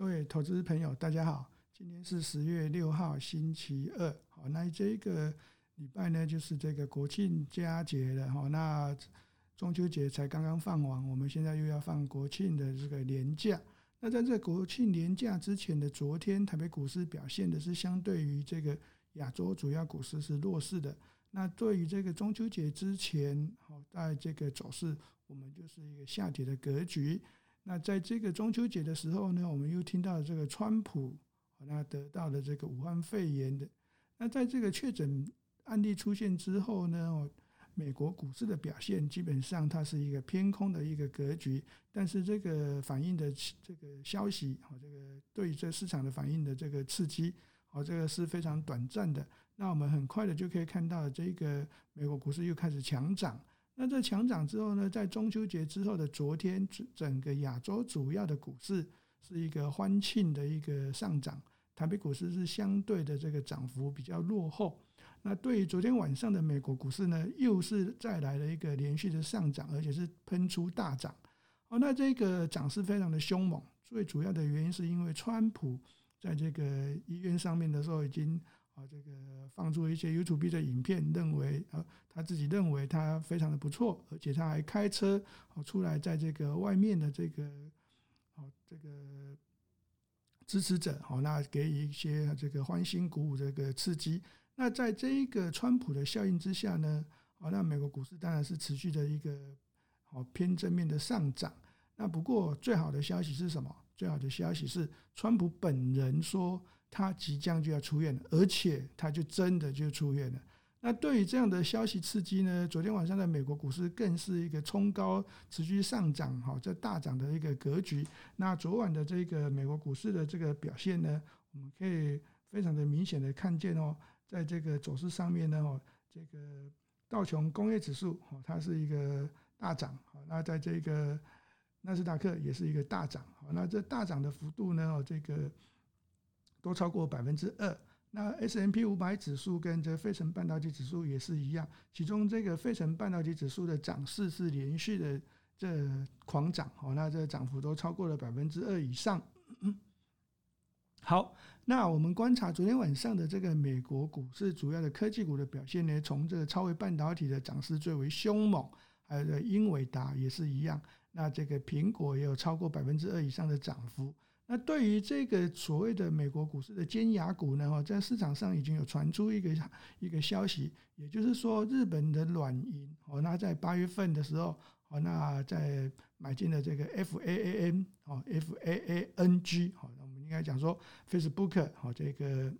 各位投資朋友，大家好，今天是十月六號，星期二。好，那這個禮拜呢，就是這個國慶佳節了。好，那中秋節才剛剛放完，我們現在又要放國慶的這個連假。那在這個國慶連假之前的昨天，台北股市表現的是相對於這個亞洲主要股市是弱勢的。那對於這個中秋節之前好，在這個走勢，我們就是一個下跌的格局。那在這個中秋節的時候呢，我們又聽到了這個川普，啊，得到了這個武漢肺炎的。那在這個確診案例出現之後呢，美國股市的表現基本上它是一個偏空的一個格局。但是這個反映的這個消息，啊，這個對這市場的反應的這個刺激，啊，這個是非常短暫的。那我們很快的就可以看到這個美國股市又開始強漲。那在強漲之後呢？在中秋節之後的昨天，整個亞洲主要的股市是一個歡慶的一個上漲。台北股市是相對的這個漲幅比較落後。那對於昨天晚上的美國股市呢，又是再來了一個連續的上漲，而且是噴出大漲。好，那這個漲勢非常的凶猛。最主要的原因是因為川普在這個醫院上面的時候已經。啊，這個放出一些 YouTube 的影片，認為啊，他自己認為他非常的不錯，而且他還開車哦出來，在這個外面的這個哦這個支持者哦，那給予一些這個歡欣鼓舞這個刺激。那在這一個川普的效應之下呢，哦，那美國股市當然是持續的一個好偏正面的上漲。那不過最好的消息是什麼？最好的消息是川普本人說。他即將就要出院了，而且他就真的就出院了。那對於這樣的消息刺激呢，昨天晚上在美國股市更是一個衝高持續上漲，哈，這大漲的一個格局。那昨晚的這個美國股市的這個表現呢，我們可以非常的明顯的看見哦，在這個走勢上面呢，哦，這個道瓊工業指數，它是一個大漲，好，那在這個納斯達克也是一個大漲，好，那這大漲的幅度呢，哦，這個。都超過百分之二。那 S&P 五百指數跟這費城半導體指數也是一樣，其中這個費城半導體指數的漲勢是連續的這狂漲哦，那這漲幅都超過了百分之二以上。好，那我們觀察昨天晚上的這個美國股市主要的科技股的表現呢，從這個超微半導體的漲勢最為兇猛，還有這英偉達也是一樣。那這個蘋果也有超過百分之二以上的漲幅。那對於這個所謂的美國股市的尖牙股呢？哦，在市場上已經有傳出一個一個消息，也就是說，日本的軟銀哦，那在八月份的時候，哦，那在買進了這個 F A A N，哦，F A A N G，哦，那我們應該講說 Facebook，哦，這個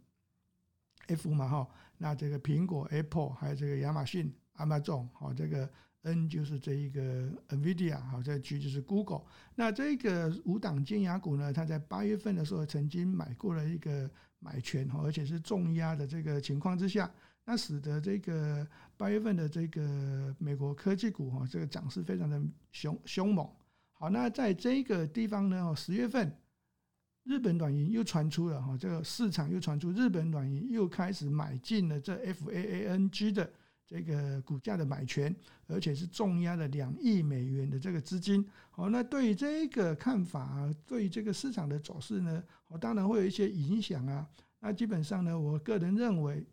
F 嘛，哈，那這個蘋果 Apple，還有這個亞馬遜 Amazon，哦，這個。N 就是這一個 NVIDIA 好，這 G 就是 Google。那這個五檔尖牙股呢，它在八月份的時候曾經買過了一個買權，而且是重壓的這個情況之下，那使得這個八月份的這個美國科技股，哈，這個漲勢非常的兇兇猛。好，那在這個地方呢，十月份日本軟銀又傳出了，哈，這個市場又傳出日本軟銀又開始買進了這 FAANG 的。這個股價的買權，而且是重壓了兩億美元的這個資金。好，那對於這個看法啊，對於這個市場的走勢呢，我當然會有一些影響啊。那基本上呢，我個人認為，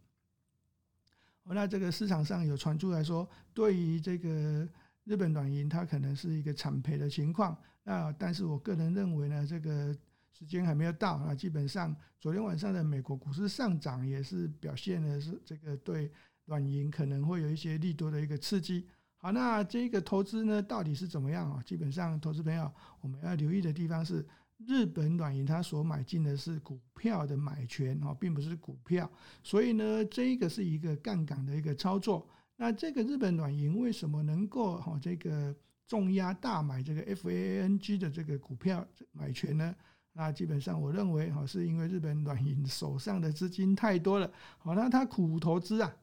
那這個市場上有傳出來說，對於這個日本軟銀，它可能是一個慘賠的情況。那但是我個人認為呢，這個時間還沒有到。那基本上，昨天晚上的美國股市上漲，也是表現的是這個對。軟銀可能會有一些利多的一個刺激。好，那這個投資呢，到底是怎麼樣啊？基本上，投資朋友我們要留意的地方是，日本軟銀它所買進的是股票的買權哈，並不是股票。所以呢，這個是一個槓桿的一個操作。那這個日本軟銀為什麼能夠哈這個重壓大買這個 FAANG 的這個股票買權呢？那基本上我認為哈，是因為日本軟銀手上的資金太多了。好，那它苦投資啊。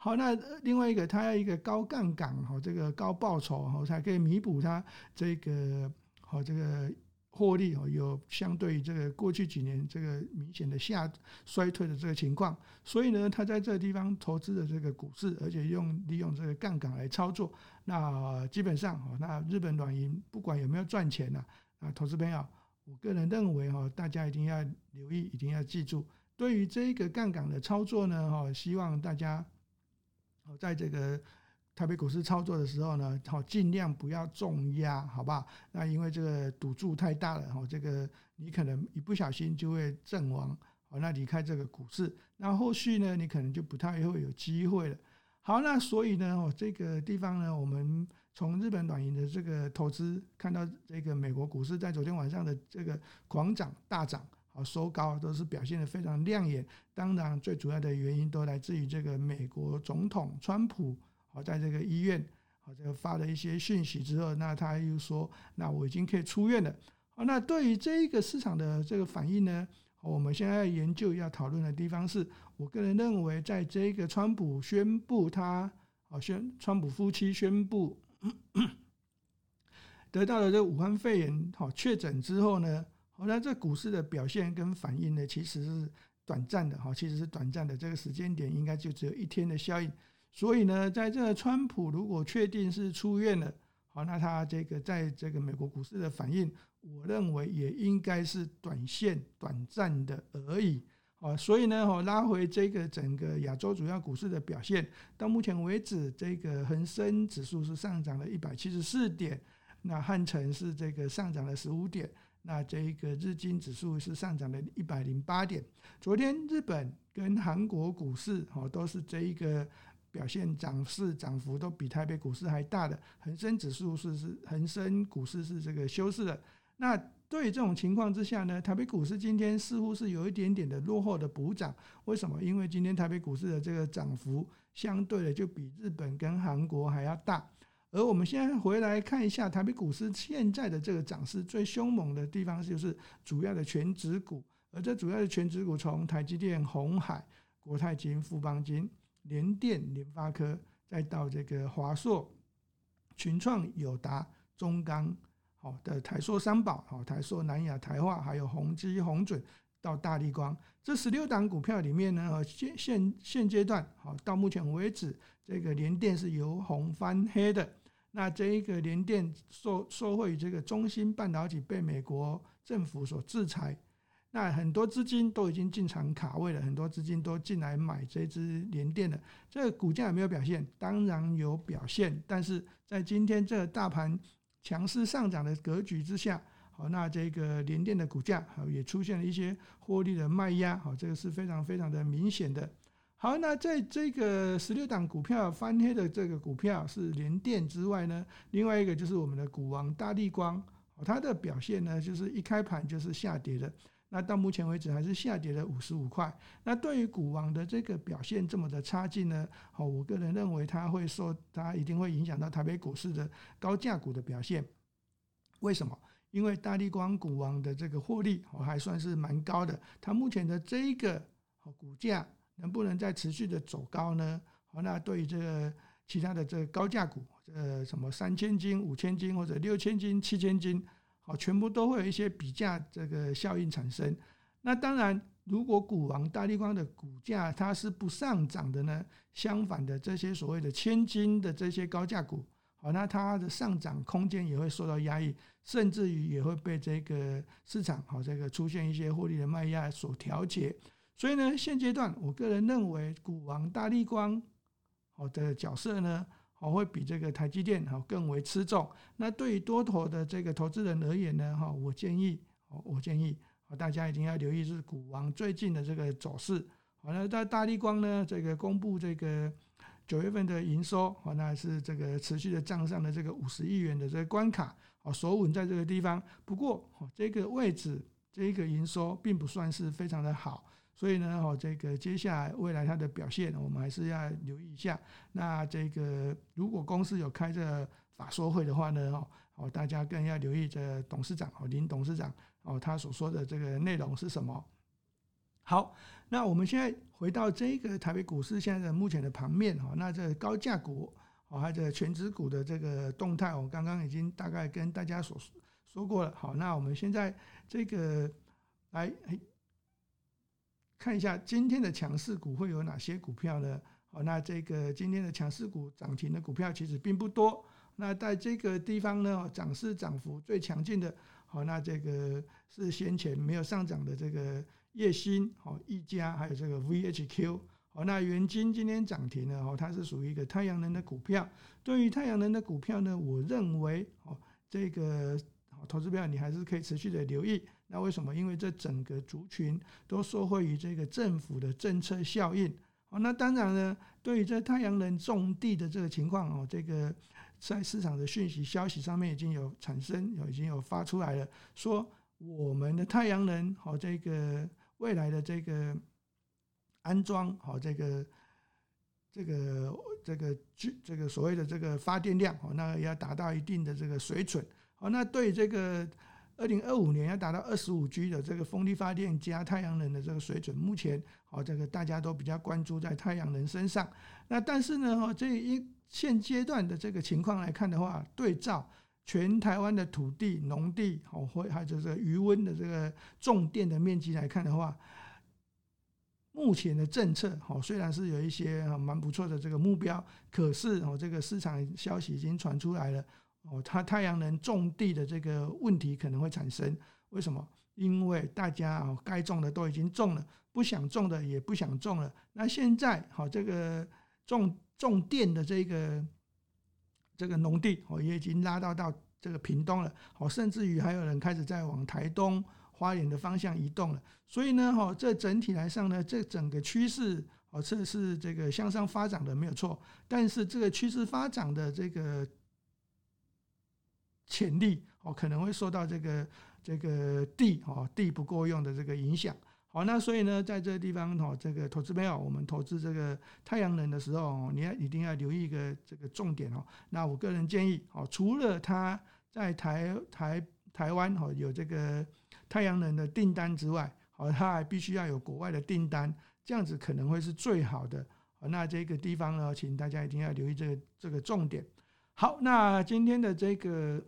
好，那另外一個，他要一個高槓桿和這個高報酬才可以彌補他這個和這個獲利有相對於這個過去幾年這個明顯的下衰退的這個情況，所以呢，他在這個地方投資的這個股市，而且用利用這個槓桿來操作，那基本上那日本軟銀不管有沒有賺錢呢，啊，那投資朋友，我個人認為大家一定要留意，一定要記住，對於這一個槓桿的操作呢，哈，希望大家。在這個台北股市操作的時候呢，好，盡量不要重壓，好吧？那因為這個賭注太大了，好，這個你可能一不小心就會陣亡，好，那離開這個股市，那後續呢，你可能就不太會有機會了。好，那所以呢，我這個地方呢，我們從日本軟銀的這個投資看到這個美國股市在昨天晚上的這個狂漲大漲。收高都是表現得非常亮眼，當然最主要的原因都來自於這個美國總統川普，好，在這個醫院這個發了一些訊息之後，那他又說，那我已經可以出院了。好，那對於這一個市場的這個反應呢，我們現在研究要討論的地方是，我個人認為，在這個川普宣布他好宣川普夫妻宣布呵呵得到了這個武漢肺炎好確診之後呢。好，那這股市的表現跟反應呢，其實是短暫的，哈，其實是短暫的。這個時間點應該就只有一天的效應。所以呢，在這個川普如果確定是出院了，好，那他這個在這個美國股市的反應，我認為也應該是短線短暫的而已。好，所以呢，好拉回這個整個亞洲主要股市的表現，到目前為止，這個恆生指數是上漲了一百七十四點，那漢城是這個上漲了十五點。那這一個日經指數是上漲了108點，昨天日本跟韓國股市哦都是這一個表現漲勢、漲幅都比台北股市還大的，恆生指數是是恆生股市是這個休市的。那對於這種情況之下呢，台北股市今天似乎是有一點點的落後的補漲，為什麼？因為今天台北股市的這個漲幅相對的就比日本跟韓國還要大。而我們先回來看一下台北股市現在的這個漲勢最凶猛的地方，就是主要的權值股。而這主要的權值股，從台積電、鴻海、國泰金、富邦金、聯電、聯發科，再到這個華碩、群創、友達、中鋼，好、哦，的台塑三寶，好、哦，台塑、南亞、台化，還有宏碁、鴻準，到大立光，這十六檔股票裡面呢，哦、現現現階段好、哦，到目前為止，這個聯電是由紅翻黑的。那這一個聯電受，受惠於這個中芯半導體被美國政府所制裁，那很多資金都已經進場卡位了，很多資金都進來買這支聯電了。這個股價有沒有表現，當然有表現，但是在今天這個大盤強勢上漲的格局之下，好，那這個聯電的股價好也出現了一些獲利的賣壓，好，這個是非常非常的明顯的。好，那在這個十六檔股票翻黑的這個股票是聯電之外呢，另外一個就是我們的股王大立光，它的表現呢就是一開盤就是下跌的，那到目前為止還是下跌了五十五塊。那對於股王的這個表現這麼的差勁呢，好，我個人認為它會受它一定會影響到台北股市的高價股的表現。為什麼？因為大立光股王的這個獲利還算是蠻高的，它目前的這一個股價。能不能再持續的走高呢？好，那對於這個其他的這個高價股，呃、這個，什麼三千金、五千金或者六千金、七千金，好，全部都會有一些比價這個效應產生。那當然，如果股王大立光的股價它是不上漲的呢，相反的，這些所謂的千金的這些高價股，好，那它的上漲空間也會受到壓抑，甚至於也會被這個市場好這個出現一些獲利的賣壓所調節。所以呢，現階段我個人認為，股王大立光，哦的角色呢，哦會比這個台積電哦更為吃重。那對於多頭的這個投資人而言呢，哈，我建議，哦，我建議，哦大家一定要留意是股王最近的這個走勢。好，那在大立光呢，這個公布這個九月份的營收，哦，那是這個持續的賬上的這個五十億元的這個關卡，哦，守穩在這個地方。不過，哦，這個位置，這個營收並不算是非常的好。所以呢，哦，這個接下來未來它的表現，我們還是要留意一下。那這個如果公司有開着法說會的話呢，哦，大家更要留意這董事長哦，林董事長哦，他所說的這個內容是什麼？好，那我們現在回到這個台北股市現在的目前的盤面哈，那這高價股哦，還有權值股的這個動態，我剛剛已經大概跟大家所說過了。好，那我們現在這個來。看一下今天的強勢股會有哪些股票呢？好，那這個今天的強勢股漲停的股票其實並不多。那在這個地方呢，漲勢漲幅最強勁的，好，那這個是先前沒有上漲的這個葉星，好，億嘉，還有這個 VHQ。好，那元晶今天漲停了。哦，它是屬於一個太陽能的股票。對於太陽能的股票呢，我認為哦，這個。投資標你還是可以持續的留意。那為什麼？因為這整個族群都受惠於這個政府的政策效應。那當然呢，對於這太陽能種地的這個情況哦，這個在市場的訊息消息上面已經有產生，有已經有發出來了，說我們的太陽能好，這個未來的這個安裝好，這個這個這個這這個所謂的這個發電量哦，那要達到一定的這個水準。好，那對這個二零二五年要達到二十五 G 的這個風力發電加太陽能的這個水準，目前哦，這個大家都比較關注在太陽能身上。那但是呢，哈這一現階段的這個情況來看的話，對照全台灣的土地、農地，好或還就是魚塭的這個種電的面積來看的話，目前的政策好雖然是有一些蠻不錯的這個目標，可是哦，這個市場消息已經傳出來了。哦，它太陽能種地的這個問題可能會產生，為什麼？因為大家啊、哦，該種的都已經種了，不想種的也不想種了。那現在好、哦，這個種種電的這個這個農地哦，也已經拉到到這個屏東了。好、哦，甚至於還有人開始在往台東花蓮的方向移動了。所以呢，好、哦，這整體來上呢，這整個趨勢哦，這是這個向上發展的沒有錯。但是這個趨勢發展的這個。潛力哦，可能會受到這個這個地哦地不夠用的這個影響。好，那所以呢，在這個地方哦，這個投資朋友，我們投資這個太陽能的時候，你要一定要留意一個這個重點哦。那我個人建議哦，除了他在台台台灣哦有這個太陽能的訂單之外，哦，他還必須要有國外的訂單，這樣子可能會是最好的。那這個地方呢，請大家一定要留意這個這個重點。好，那今天的這個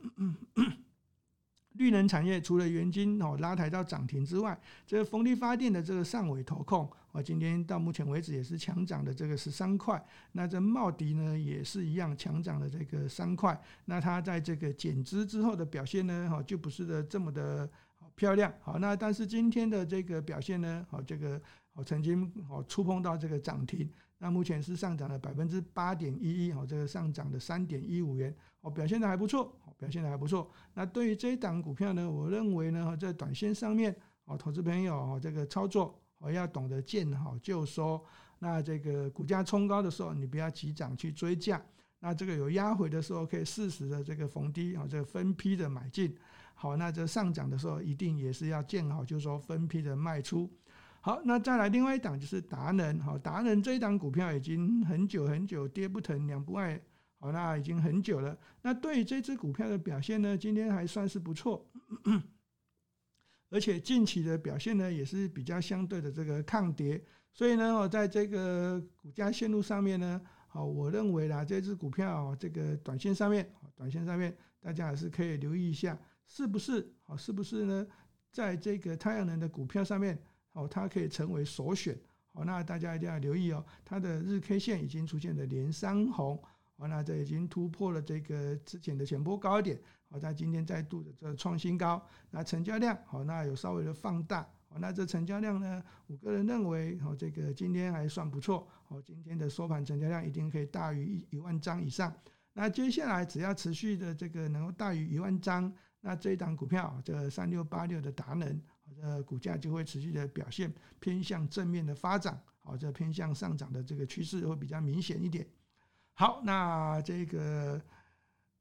綠能產業，除了元晶哦拉抬到漲停之外，這個風力發電的這個上尾投控，我今天到目前為止也是強漲的這個十三塊。那這茂迪呢也是一樣強漲的這個三塊。那它在這個減資之後的表現呢，好就不是的這麼的好漂亮。好，那但是今天的這個表現呢，好這個我曾經哦觸碰到這個漲停。那目前是上漲了百分之八點一一哦，這個上漲的三點一五元哦，表現得還不錯，表現得還不錯。那對於這一檔股票呢，我認為呢，在短線上面哦，投資朋友哦，這個操作哦要懂得見好就收。那這個股價衝高的時候，你不要急漲去追價。那這個有壓回的時候，可以適時的這個逢低哦，這個分批的買進。好，那這上漲的時候，一定也是要見好就收，分批的賣出。好，那再來另外一檔就是達能。好，達能這一檔股票已經很久很久跌不疼，兩不礙。好，那已經很久了。那對於這只股票的表現呢，今天還算是不錯，而且近期的表現呢，也是比較相對的這個抗跌。所以呢，我在這個股價線路上面呢，好，我認為啦，這只股票這個短線上面，短線上面大家還是可以留意一下，是不是？好，是不是呢？在這個太陽能的股票上面。哦，它可以成為首選，好，那大家一定要留意哦。它的日 K 線已經出現了連三紅，好，那這已經突破了這個之前的前波高一點，好，它今天再度的這個創新高。那成交量，好，那有稍微的放大，好，那這成交量呢，我個人認為，好，這個今天還算不錯，好，今天的收盤成交量一定可以大於一一萬張以上。那接下來只要持續的這個能夠大於一萬張，那這一檔股票，這三六八六的達能。呃，股價就會持續的表現偏向正面的發展，好，這偏向上漲的這個趨勢會比較明顯一點。好，那這個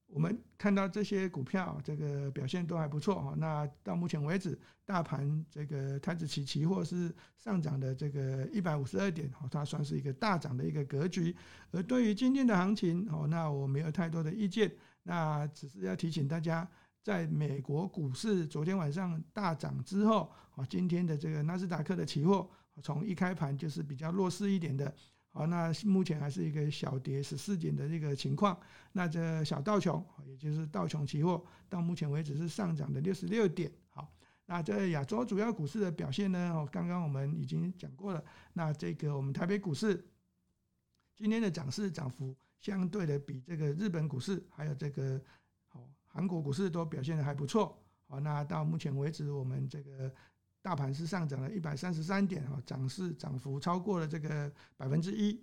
我們看到這些股票，這個表現都還不錯，那到目前為止，大盤這個台指期期貨是上漲的這個一百五十二點，它算是一個大漲的一個格局。而對於今天的行情，那我沒有太多的意見，那只是要提醒大家。在美國股市昨天晚上大漲之後，啊，今天的這個納斯達克的期貨從一開盤就是比較弱勢一點的，好，那目前還是一個小跌十四點的這個情況。那這小道瓊，也就是道瓊期貨，到目前為止是上漲的六十六點。好，那這亞洲主要股市的表現呢？剛剛我們已經講過了。那這個我們台北股市今天的漲勢漲幅相對的比這個日本股市還有這個。韓國股市都表現得還不錯，好，那到目前為止，我們這個大盤是上漲了一百三十三點，啊，漲勢漲幅超過了這個百分之一，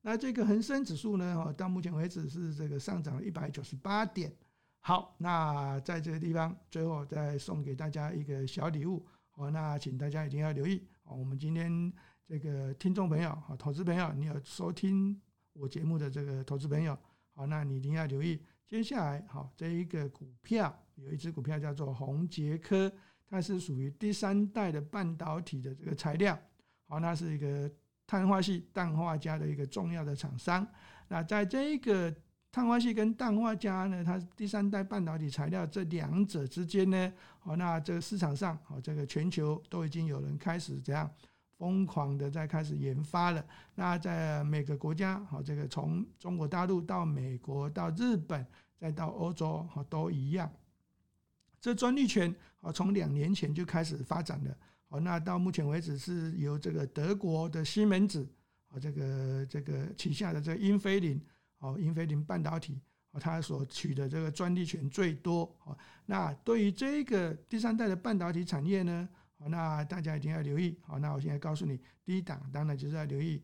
那這個恆生指數呢，哦，到目前為止是這個上漲了一百九十八點，好，那在這個地方，最後再送給大家一個小禮物，好，那請大家一定要留意，哦，我們今天這個聽眾朋友，投資朋友，你有收聽我節目的這個投資朋友，好，那你一定要留意。接下來，好，這一個股票有一只股票叫做宏捷科，它是屬於第三代的半導體的這個材料。好，那是一個碳化矽氮化鎵的一個重要的廠商。那在這一個碳化矽跟氮化鎵呢，它第三代半導體材料這兩者之間呢，哦，那這個市場上哦，這個全球都已經有人開始這樣，瘋狂的在開始研發了，那在每個國家，好，這個從中國大陸到美國到日本再到歐洲，好都一樣。這專利權，好從兩年前就開始發展了，好，那到目前為止是由這個德國的西門子好，這個這個旗下的這個英飛凌，好，英飛凌半導體，它所取得這個專利權最多，好，那對於這個第三代的半導體產業呢，那大家一定要留意。好，那我現在告訴你，第一檔當然就是要留意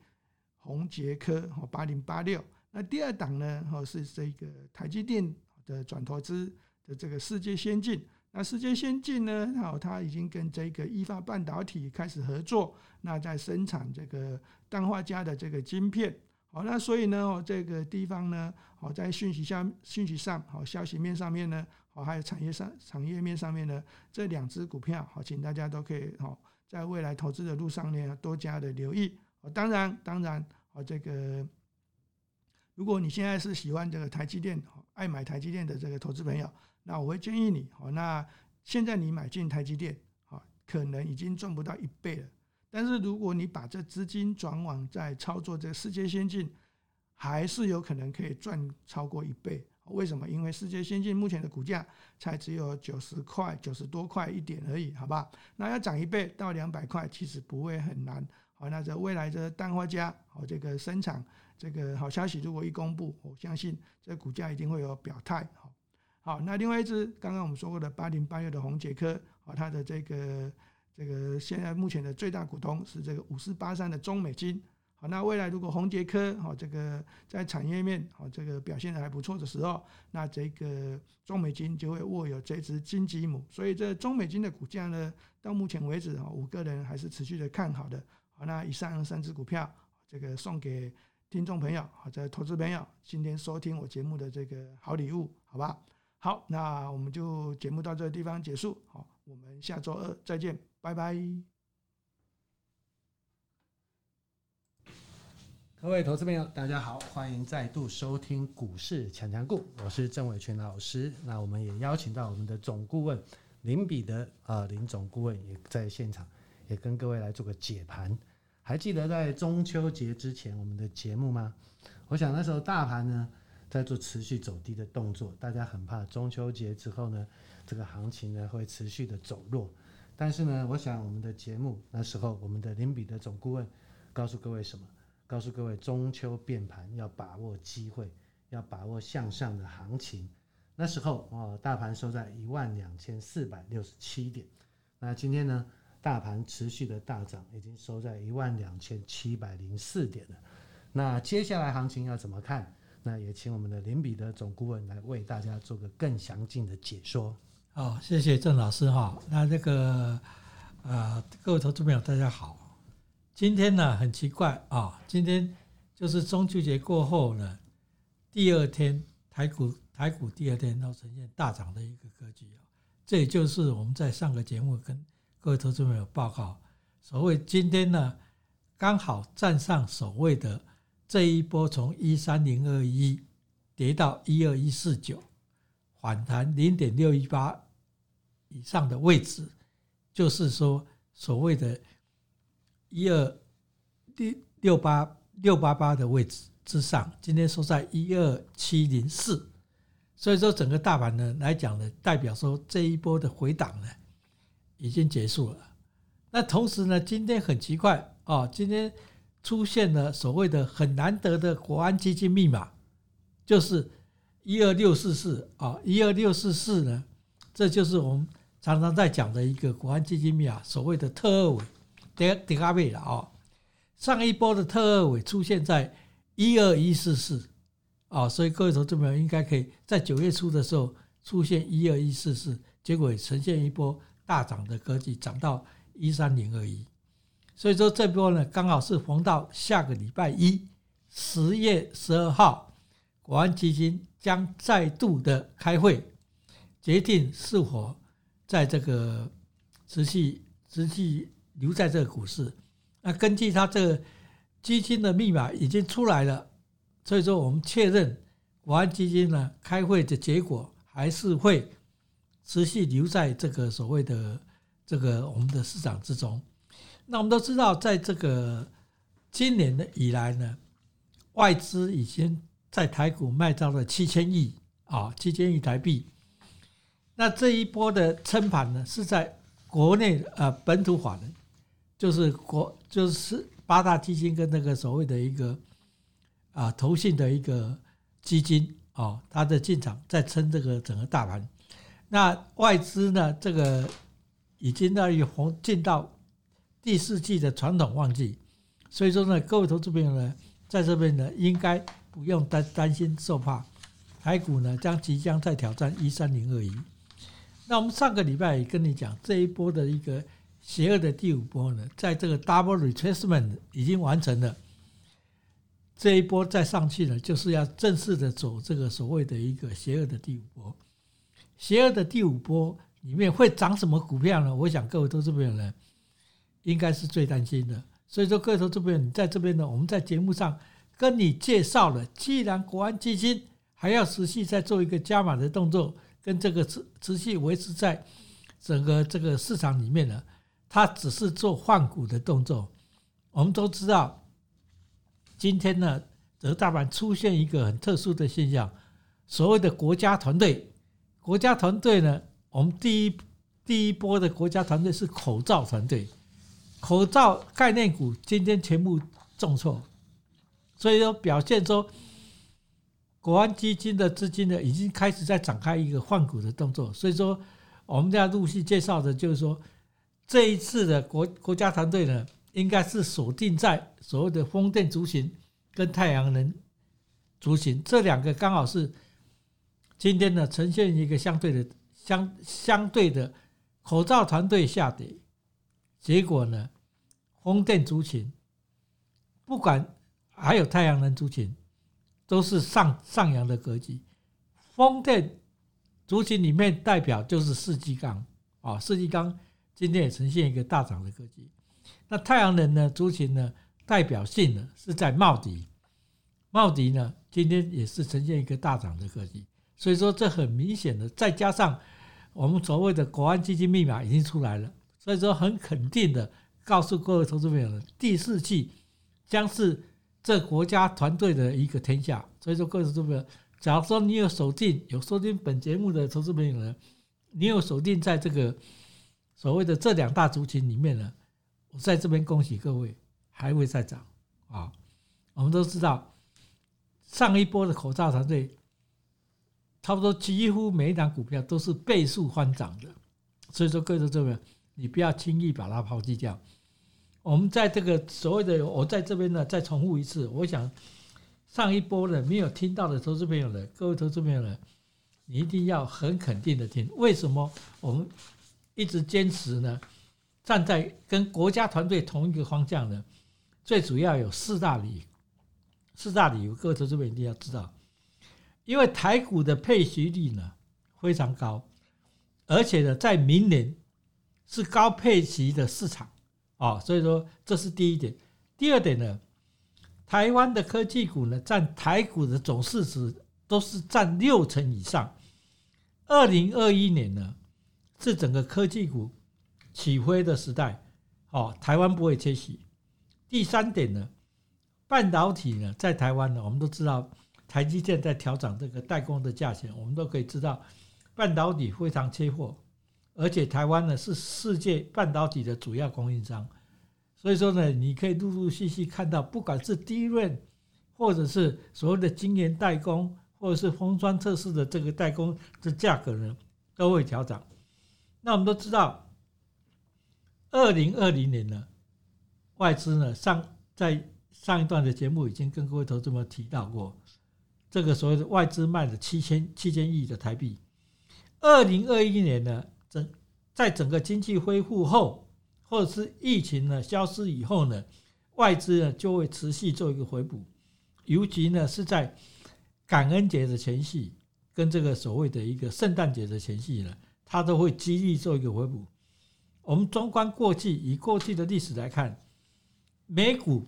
宏捷科，哦，八零八六。那第二檔呢，哦是這個台積電的轉投資的這個世界先進。那世界先進呢，好，它已經跟這個意法半導體開始合作，那在生產這個氮化鎵的這個晶片。好，那所以呢，哦這個地方呢，哦在訊息下訊息上，好消息面上面呢。哦，還有產業上、產業面上面呢，這兩隻股票，好，請大家都可以哦，在未來投資的路上呢，多加的留意。當然，當然，哦，這個如果你現在是喜歡這個台積電、愛買台積電的這個投資朋友，那我會建議你，哦，那現在你買進台積電，啊，可能已經賺不到一倍了。但是，如果你把這資金轉往在操作這個世界先進，還是有可能可以賺超過一倍。為什麼？因為世界先進目前的股價才只有九十塊、九十多塊一點而已，好吧？那要漲一倍到兩百塊，其實不會很難。好，那這未來的氮化鎵和這個生產，這個好消息如果一公布，我相信這股價一定會有表態。好，好，那另外一支剛剛我們說過的八零八六的宏捷科，好，它的這個這個現在目前的最大股東是這個五四八三的中美金。那未來如果宏捷科哈這個在產業面哈這個表現得還不錯的時候，那這個中美晶就會握有這支金雞母，所以這中美晶的股價呢，到目前為止我個人還是持續的看好的。好，那以上三隻股票這個送給聽眾朋友啊，這個、投資朋友今天收聽我節目的這個好禮物，好吧？好，那我們就節目到這個地方結束，好，我們下周二再見，拜拜。各位投資朋友，大家好，歡迎再度收聽股市強強滾。我是鄭偉群老師。那我們也邀請到我們的總顧問林彼得啊、呃，林總顧問也在現場，也跟各位來做個解盤。還記得在中秋節之前我們的節目嗎？我想那時候大盤呢在做持續走低的動作，大家很怕中秋節之後呢這個行情呢會持續的走弱。但是呢，我想我們的節目那時候我們的林彼得總顧問告訴各位什麼？告訴各位，中秋變盤要把握機會，要把握向上的行情。那時候，哦，大盤收在一萬兩千四百六十七點。那今天呢，大盤持續的大漲，已經收在一萬兩千七百零四點了。那接下來行情要怎麼看？那也請我們的林彼得總顧問來為大家做個更詳盡的解說。好，哦，謝謝鄭老師哈。那這個，呃，各位投資朋友，大家好。今天呢很奇怪啊，哦，今天就是中秋節過後呢，第二天台股台股，第二天都呈現大漲的一個格局。這也就是我們在上個節目跟各位投資朋友報告，所謂今天呢剛好站上所謂的這一波從一三零二一跌到一二一四九，反彈零點六一八以上的位置，就是說所謂的。一二六八六八八的位置之上，今天收在一二七零四，所以說整個大盤呢來講呢，代表說這一波的回檔呢已經結束了。那同時呢，今天很奇怪啊、哦，今天出現了所謂的很難得的國安基金密碼，就是一二六四四啊，一二六四四呢，這就是我們常常在講的一個國安基金密碼，所謂的特二尾，跌跌咖位了哦，上一波的特二尾出現在一二一四四哦，所以各位投資朋友應該可以在九月初的時候出現一二一四四，結果也呈現一波大漲的格局，漲到一三零二一。所以說，這波呢剛好是逢到下個禮拜一，十月十二號，國安基金將再度的開會，決定是否在這個持續持續。留在這個股市，那根據他這個基金的密碼已經出來了，所以說我們確認國安基金呢開會的結果還是會持續留在這個所謂的這個我們的市場之中。那我們都知道，在這個今年的以來呢，外資已經在台股賣到了七千億啊，七千億台幣。那這一波的撐盤呢，是在國內啊、呃、本土法人。就是國就是八大基金跟那個所謂的一個啊投信的一個基金哦，它的進場在撐這個整個大盤。那外資呢，這個已經呢已進到第四季的傳統旺季，所以說呢，各位投資朋友呢，在這邊呢，應該不用擔擔心受怕，台股呢將即將再挑戰一三零二一。那我們上個禮拜也跟你講，這一波的一個。邪惡的第五波呢，在這個 double retracement 已經完成了，這一波再上去呢，就是要正式的走這個所謂的一個邪惡的第五波。邪惡的第五波裡面會漲什麼股票呢？我想各位投資朋友呢，應該是最擔心的。所以說，各位投資朋友，你在這邊呢，我們在節目上跟你介紹了，既然國安基金還要持續在做一個加碼的動作，跟這個持持續維持在整個這個市場裡面呢。他只是做換股的動作。我們都知道，今天呢，整大盤出現一個很特殊的現象，所謂的國家團隊，國家團隊呢，我們第一第一波的國家團隊是口罩團隊，口罩概念股今天全部重挫，所以說表現出，國安基金的資金呢已經開始在展開一個換股的動作，所以說我們再陸續介紹的，就是說。這一次的國國家團隊呢，應該是鎖定在所謂的風電族群跟太陽能族群這兩個，剛好是今天呢呈現一個相對的相相對的口罩團隊下跌，結果呢，風電族群不管還有太陽能族群都是上上揚的格局。風電族群裡面代表就是世紀鋼啊，哦，世紀鋼，今天也呈現一個大漲的格局，那太陽能呢，族群呢，代表性呢，是在茂迪，茂迪呢，今天也是呈現一個大漲的格局，所以說這很明顯的，再加上我們所謂的國安基金密碼已經出來了，所以說很肯定的告訴各位投資朋友們，第四季將是這國家團隊的一個天下，所以說各位投資朋友們，假如說你有鎖定有鎖定本節目的投資朋友呢，你有鎖定在這個所謂的這兩大族群裡面呢，我在這邊恭喜各位還會再漲啊！我們都知道上一波的口罩團隊，差不多幾乎每一檔股票都是倍數翻漲的，所以說各位投資朋友，你不要輕易把它拋棄掉。我們在這個所謂的，我在這邊呢再重複一次，我想上一波的沒有聽到的投資朋友的各位投資朋友呢，你一定要很肯定的聽，為什麼我們？一直堅持呢，站在跟國家團隊同一個方向呢，最主要有四大理由，四大理由，各位這邊一定要知道，因為台股的配息率呢非常高，而且呢在明年是高配息的市場啊、哦，所以說這是第一點。第二點呢，台灣的科技股呢占台股的總市值都是占六成以上，二零二一年呢。是整個科技股起飛的時代，哦，台灣不會缺席。第三點呢，半導體呢，在台灣呢，我們都知道台積電在調漲這個代工的價錢，我們都可以知道，半導體非常缺貨，而且台灣呢是世界半導體的主要供應商，所以說呢，你可以陸陸續續看到，不管是 DRAM 或者是所謂的晶圓代工，或者是封裝測試的這個代工的價格呢，都會調漲。那我們都知道，二零二零年呢，外資呢上在上一段的節目已經跟各位同志們提到過，這個所謂的外資賣了七千七千億的台幣。二零二一年呢，整在整個經濟恢復後，或者是疫情呢消失以後呢，外資呢就會持續做一個回補，尤其呢是在感恩節的前夕，跟這個所謂的一個聖誕節的前夕呢。他都會激勵做一個回補。我們縱觀過去，以過去的歷史來看，美股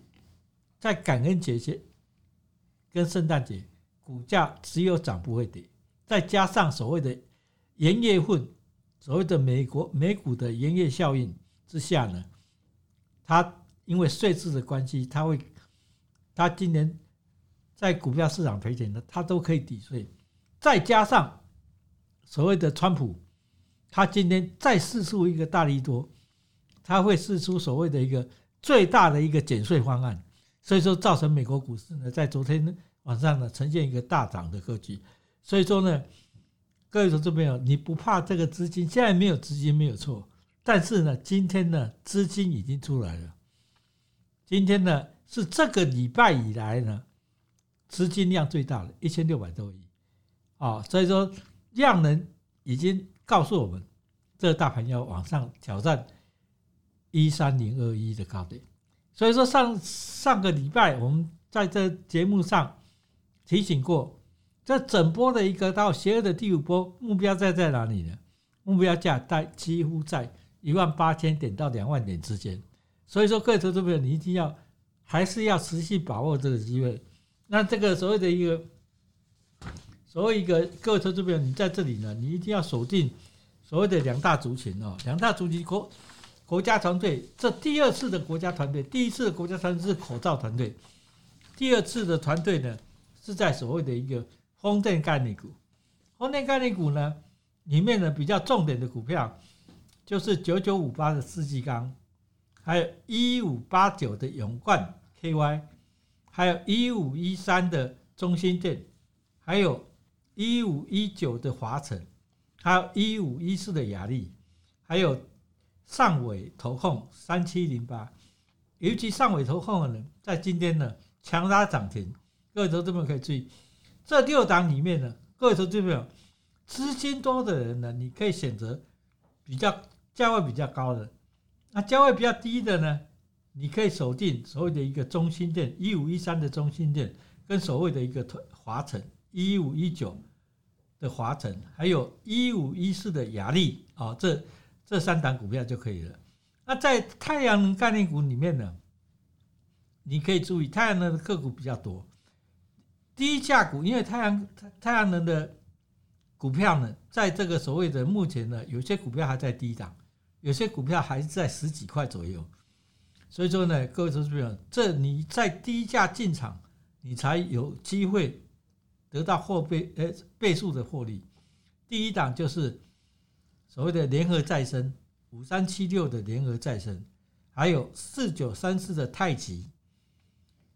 在感恩節、節跟聖誕節，股價只有漲不會跌。再加上所謂的元月份，所謂的美國美股的元月效應之下呢，它因為稅制的關係，它會，它今年在股票市場賠錢的，它都可以抵稅。再加上所謂的川普。他今天再試出一個大利多，他會試出所謂的一個最大的一個減稅方案，所以說造成美國股市呢在昨天晚上呢呈現一個大漲的格局。所以說呢，各位投資朋友，你不怕這個資金？現在沒有資金沒有錯，但是呢，今天呢資金已經出來了，今天呢是這個禮拜以來呢資金量最大的一千六百多億啊、哦，所以說量能已經。告訴我們，這大盤要往上挑戰一三零二一的高點，所以說上上個禮拜我們在這節目上提醒過，這整波的一個到邪惡的第五波目標在在哪裡呢？目標價在幾乎在一萬八千點到兩萬點之間，所以說各位投資朋友，你一定要還是要持續把握這個機會，那這個所謂的一個。所謂一個各位投資朋友，你在這裡呢，你一定要鎖定所謂的兩大族群哦，兩大族群國國家團隊，這第二次的國家團隊，第一次的國家團隊是口罩團隊，第二次的團隊呢是在所謂的一個風電概念股，風電概念股呢裡面呢比較重點的股票就是九九五八的世紀鋼，還有一五八九的永冠 KY，還有一五一三的中興電，還有。一五一九的華城，還有一五一四的亞力，還有上緯投控三七零八，尤其上緯投控的人在今天呢強拉漲停。各位投資朋友可以注意，這六檔裡面呢，各位投資朋友，資金多的人呢，你可以選擇比較價位比較高的，那價位比較低的呢，你可以鎖定所謂的一個中興電，一五一三的中興電，跟所謂的一個華城。一五一九的華城，還有一五一四的亞力，啊、哦，這這三檔股票就可以了。那在太陽能概念股裡面呢，你可以注意太陽能的個股比較多，低價股，因為太陽太陽能的股票呢，在這個所謂的目前呢，有些股票還在低檔，有些股票還是在十幾塊左右。所以說呢，各位投資者，這你在低價進場，你才有機會。得到獲、欸、倍誒倍數的獲利，第一檔就是所謂的聯合再生，五三七六的聯合再生，還有四九三四的太極，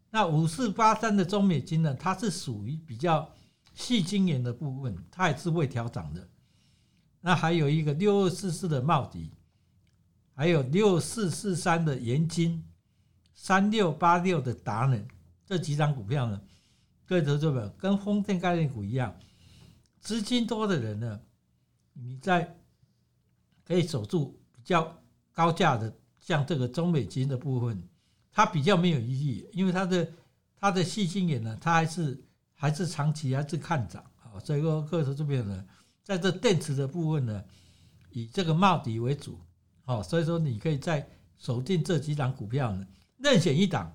那五四八三的中美金呢，它是屬於比較矽晶圓的部分，它也是未調漲的。那還有一個六二四四的茂迪，還有六四四三的鹽金，三六八六的達能，這幾張股票呢，各位投資朋友跟風電概念股一樣，資金多的人呢，你在可以守住比較高價的，像這個中美晶的部分，它比較沒有意義，因為它的它的矽晶圓呢，它還是還是長期還是看漲，所以說各位投資朋友呢，在這電池的部分呢，以這個茂迪為主，好，所以說你可以再鎖定這幾檔股票呢，任選一檔。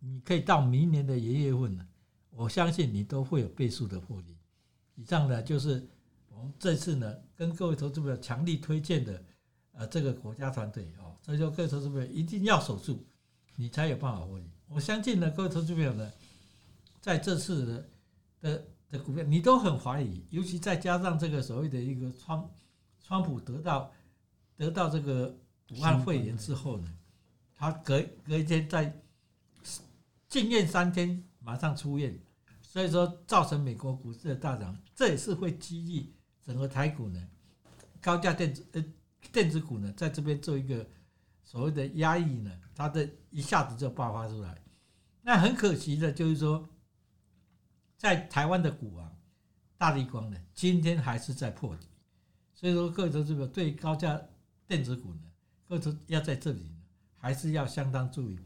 你可以到明年的一月份呢，我相信你都會有倍數的獲利。以上呢就是我們這次呢跟各位投資朋友強力推薦的，呃，這個國家團隊哦，所以說各位投資朋友一定要守住，你才有辦法獲利。我相信呢，各位投資朋友呢，在這次的的的股票你都很懷疑，尤其再加上這個所謂的一個川川普得到得到這個武漢肺炎之後呢，他隔隔一天在。禁驗三天，馬上出院，所以說造成美國股市的大漲，這也是會激勵整個台股呢，高價電子呃電子股呢，在這邊做一個所謂的壓抑呢，它的一下子就爆發出來。那很可惜的，就是說，在台灣的股王，大力光呢，今天還是在破底。所以說各位投資者對高價電子股呢，各位要在這裡呢，還是要相當注意，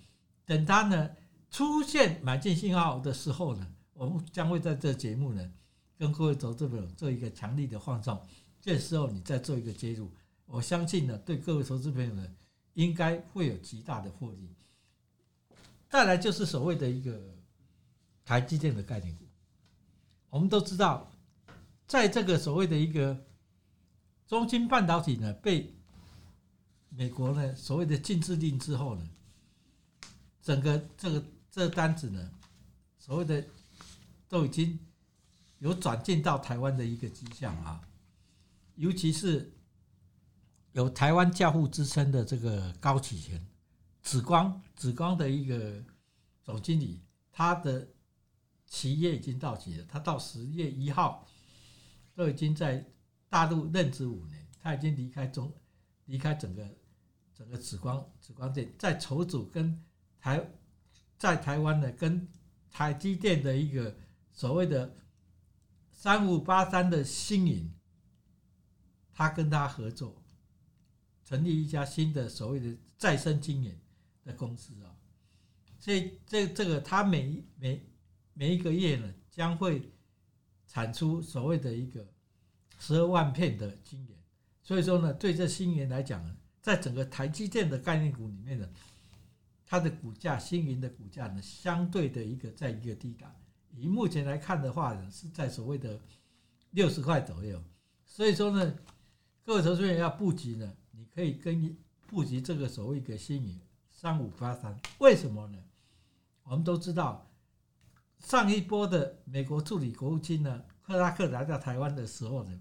等它呢。出現買進信號的時候呢，我們將會在這節目呢跟各位投資朋友做一個強力的放送。這時候你再做一個介入，我相信呢，對各位投資朋友呢應該會有極大的獲利。再來就是所謂的一個台積電的概念股，我們都知道，在這個所謂的一個中芯半導體呢被美國呢所謂的禁制令之後呢，整個這個。這單子呢，所有的都已經有轉進到台灣的一個跡象啊，尤其是有台灣教父之稱的這個高啟全，紫光紫光的一個總經理，他的企業已經到期了，他到十月一號都已經在大陸任職五年，他已經離開中離開整個整個紫光，紫光的在籌組跟台。在台灣呢，跟台積電的一個所謂的三五八三的辛耘，他跟他合作，成立一家新的所謂的再生晶圓的公司啊，所以這這個他每每每一個月呢，將會產出所謂的一個十二萬片的晶圓，所以說呢，對這辛耘來講，在整個台積電的概念股裡面呢。它的股價，辛耘的股價呢，相對的一個在一個低檔，以目前來看的話呢，是在所謂的六十塊左右。所以說呢，各位投資人要布局呢，你可以跟你布局這個所謂的辛耘三五八三，為什麼呢？我們都知道，上一波的美國助理國務卿呢，克拉克來到台灣的時候呢，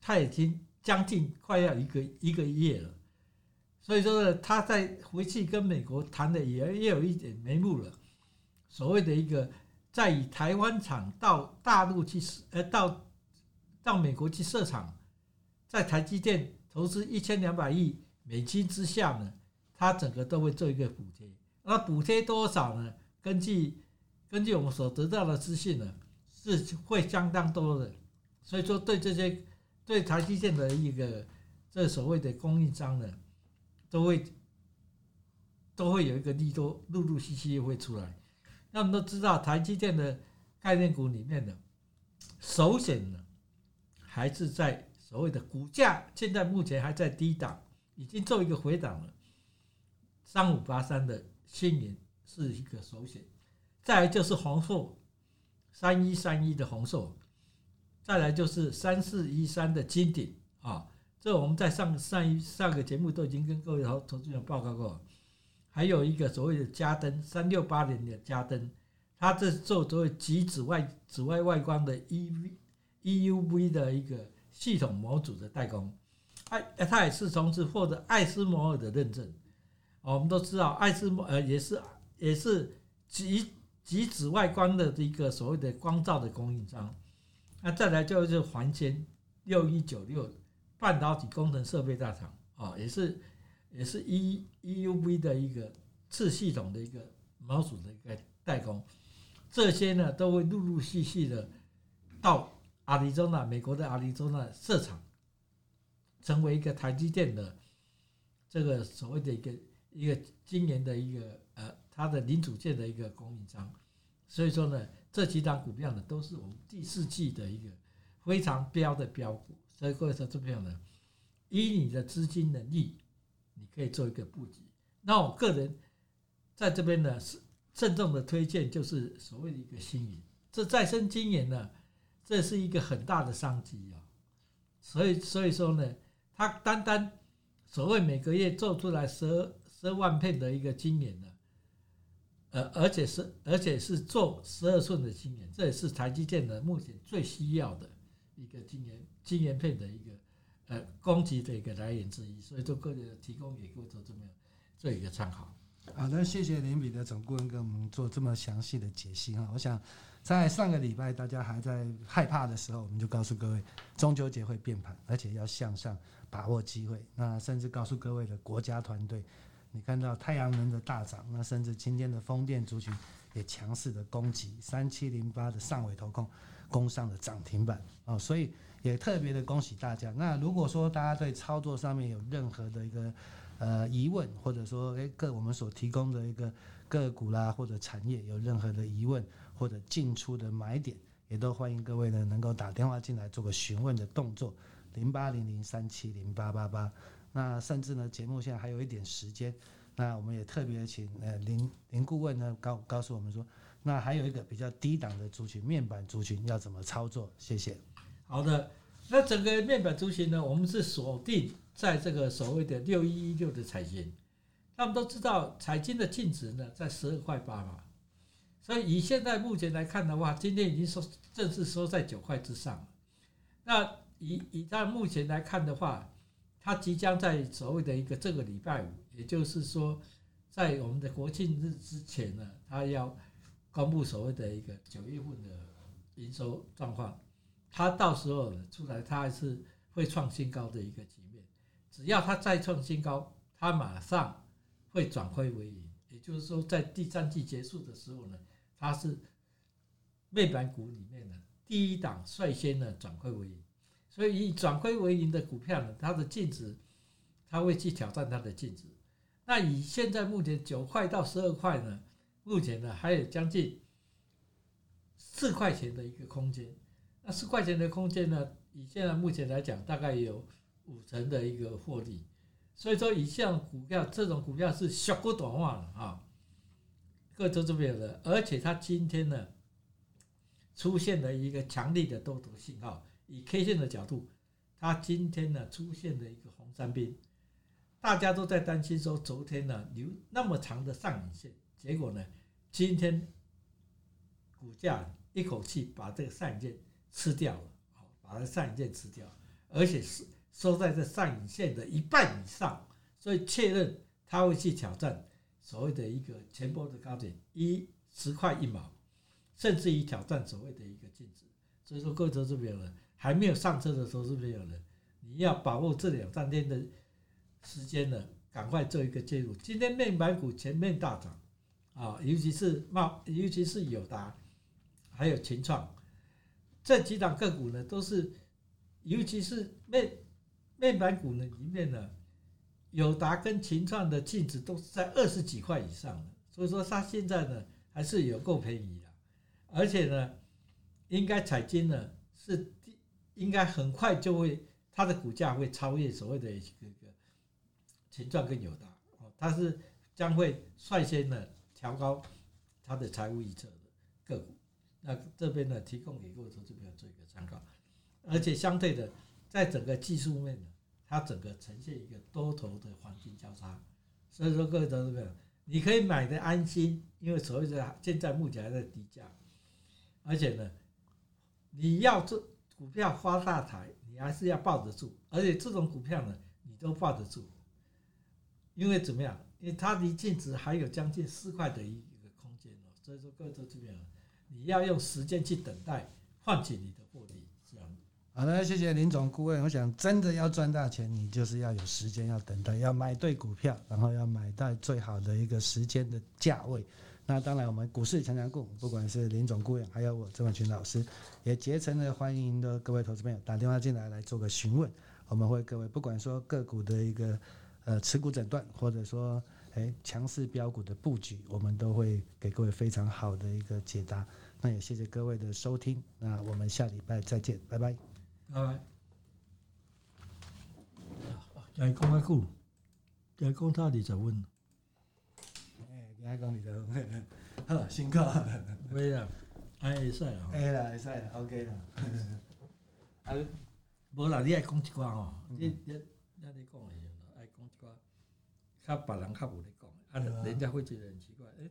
他已經將近快要一個一個月了。所以說呢，他在回去跟美國談的也也有一點眉目了。所謂的一個，在以台灣廠到大陸去設，呃，到到美國去設廠，在台積電投資一千兩百億美金之下呢，他整個都會做一個補貼。那補貼多少呢？根據根據我們所得到的資訊呢，是會相當多的。所以說，對這些對台積電的一個這所謂的供應商呢，都會都會有一個利多，陸陸續續會出來。那我們都知道，台積電的概念股裡面的首選呢，還是在所謂的股價，現在目前還在低檔，已經做一個回檔了。三五八三的辛耘是一個首選，再來就是弘塑，三一三一的弘塑，再來就是三四一三的京鼎啊。這我們在上上一上一個節目都已經跟各位投投資人報告過，還有一個所謂的家登三六八零的家登，它這做所謂極紫外紫外外光的 E V E U V 的一個系統模組的代工，哎，它也是從此獲得艾斯摩爾的認證。我們都知道艾斯摩爾也是也是極極紫外光的這一個所謂的光照的供應商。那、啊、再來就是環堅六一九六，半導體工程設備大廠啊，也是，也是 E E U V 的一個次系統的一個模組的一個代工，這些呢都會陸陸續續的到亞利桑那，美國的亞利桑那設廠，成為一個台積電的這個所謂的一個一個今年的一個呃它的零組件的一個供應商，所以說呢，這幾檔股票呢都是我們第四季的一個非常標的標股。所以各位說這邊呢，以你的資金能力，你可以做一個佈局。那我個人在這邊呢，是鄭重的推薦，就是所謂的一個晶圓，這再生晶圓呢，這是一個很大的商機啊、哦。所以，所以說呢，它單單所謂每個月做出來十十二萬片的一個晶圓呢，呃，而且是而且是做十二寸的晶圓，這也是台積電的目前最需要的。一個晶圓晶圓片的一個，呃，供給的一個來源之一，所以都各提供給各位做這麼做一個參考。好的，那謝謝林彼得總顧問給我們做這麼詳細的解析哈，我想，在上個禮拜大家還在害怕的時候，我們就告訴各位，中秋節會變盤，而且要向上把握機會。那甚至告訴各位的國家團隊，你看到太陽能的大漲，那甚至今天的風電族群也強勢的攻擊三七零八的上緯投控。攻上的漲停板啊，哦，所以也特別的恭喜大家。那如果說大家對操作上面有任何的一個呃疑問，或者說誒、欸、各我們所提供的一個個股啦或者產業有任何的疑問或者進出的買點，也都歡迎各位呢能夠打電話進來做個詢問的動作，零八零零三七零八八八。那甚至呢節目現在還有一點時間，那我們也特別請呃林林顧問呢告告訴我們說。那還有一個比較低檔的族群，面板族群要怎麼操作？謝謝。好的，那整個面板族群呢，我們是鎖定在這個所謂的六一一六的彩晶。那我們都知道，彩晶的淨值呢在十二塊八嘛，所以以現在目前來看的話，今天已經收正式收在九塊之上。那以以它目前來看的話，它即將在所謂的一個這個禮拜五，也就是說，在我們的國慶日之前呢，它要。公布所謂的一個九月份的營收狀況，它到時候出來，它還是會創新高的一個局面。只要它再創新高，它馬上會轉虧為盈。也就是說，在第三季結束的時候呢，它是面板股裡面的第一檔，率先的轉虧為盈。所以，以轉虧為盈的股票呢，它的淨值，它會去挑戰它的淨值。那以現在目前九塊到十二塊呢？目前呢，還有將近四塊錢的一個空間。那四塊錢的空間呢，以現在目前來講，大概有五成的一個獲利。所以說，以像股票這種股票是小股短化了啊，各位這邊的，而且它今天呢，出現了一個強力的多頭信號。以 K 線的角度，它今天呢，出現了一個紅三兵，大家都在擔心說，昨天呢留那麼長的上影線。結果呢，今天股價一口氣把這個上影線吃掉了，把它上影線吃掉了，而且是收在這上影線的一半以上，所以確認它會去挑戰所謂的一個前波的高點一十塊一毛，甚至於挑戰所謂的一個淨值。所以說各位投資人，投資者朋友呢還沒有上車的時候，是不是有人，你要把握這兩三天的時間呢，趕快做一個介入。今天面板股全面大漲。啊、哦，尤其是茂，尤其是友達，還有秦創，這幾檔個股呢，都是尤其是面面板股呢裡面呢，友達跟秦創的淨值都是在二十幾塊以上的，所以說它現在呢還是有夠便宜的，而且呢，應該彩晶呢是應該很快就會它的股價會超越所謂的這個，一個，一個秦創跟友達，哦，它是將會率先呢，調高它的財務預測的個股，那這邊呢，提供給各位投資朋友做一個參考，而且相對的，在整個技術面呢，它整個呈現一個多頭的黃金交叉，所以說各位投資朋友，你可以買的安心，因為所謂的現在目前還在低價，而且呢，你要做股票發大財，你還是要抱得住，而且這種股票呢，你都抱得住，因為怎麼樣？它離淨值還有將近四塊的一一個空間哦，所以說各位投資朋友，你要用時間去等待，換取你的獲利。好的，謝謝林總顧問。我想真的要賺大錢，你就是要有時間要等待，要買對股票，然後要買到最好的一個時間的價位。那當然，我們股市強強滾，不管是林總顧問，還有我鄭偉群老師，也竭誠的歡迎的各位投資朋友打電話進來來做個詢問。我們會各位不管說個股的一個呃持股診斷，或者說哎，強勢標股的布局，我們都會給各位非常好的一個解答。那也謝謝各位的收聽。那我們下禮拜再見，拜拜，拜拜。在講個股，在講他二十問。哎，講二十問，辛苦了。會 啦沒了 以、 啊，可以算啦。會啦，OK 啦。啊，無啦，你愛講一掛吼，他把人他不會講，啊，人家會覺得很奇怪，嗯欸。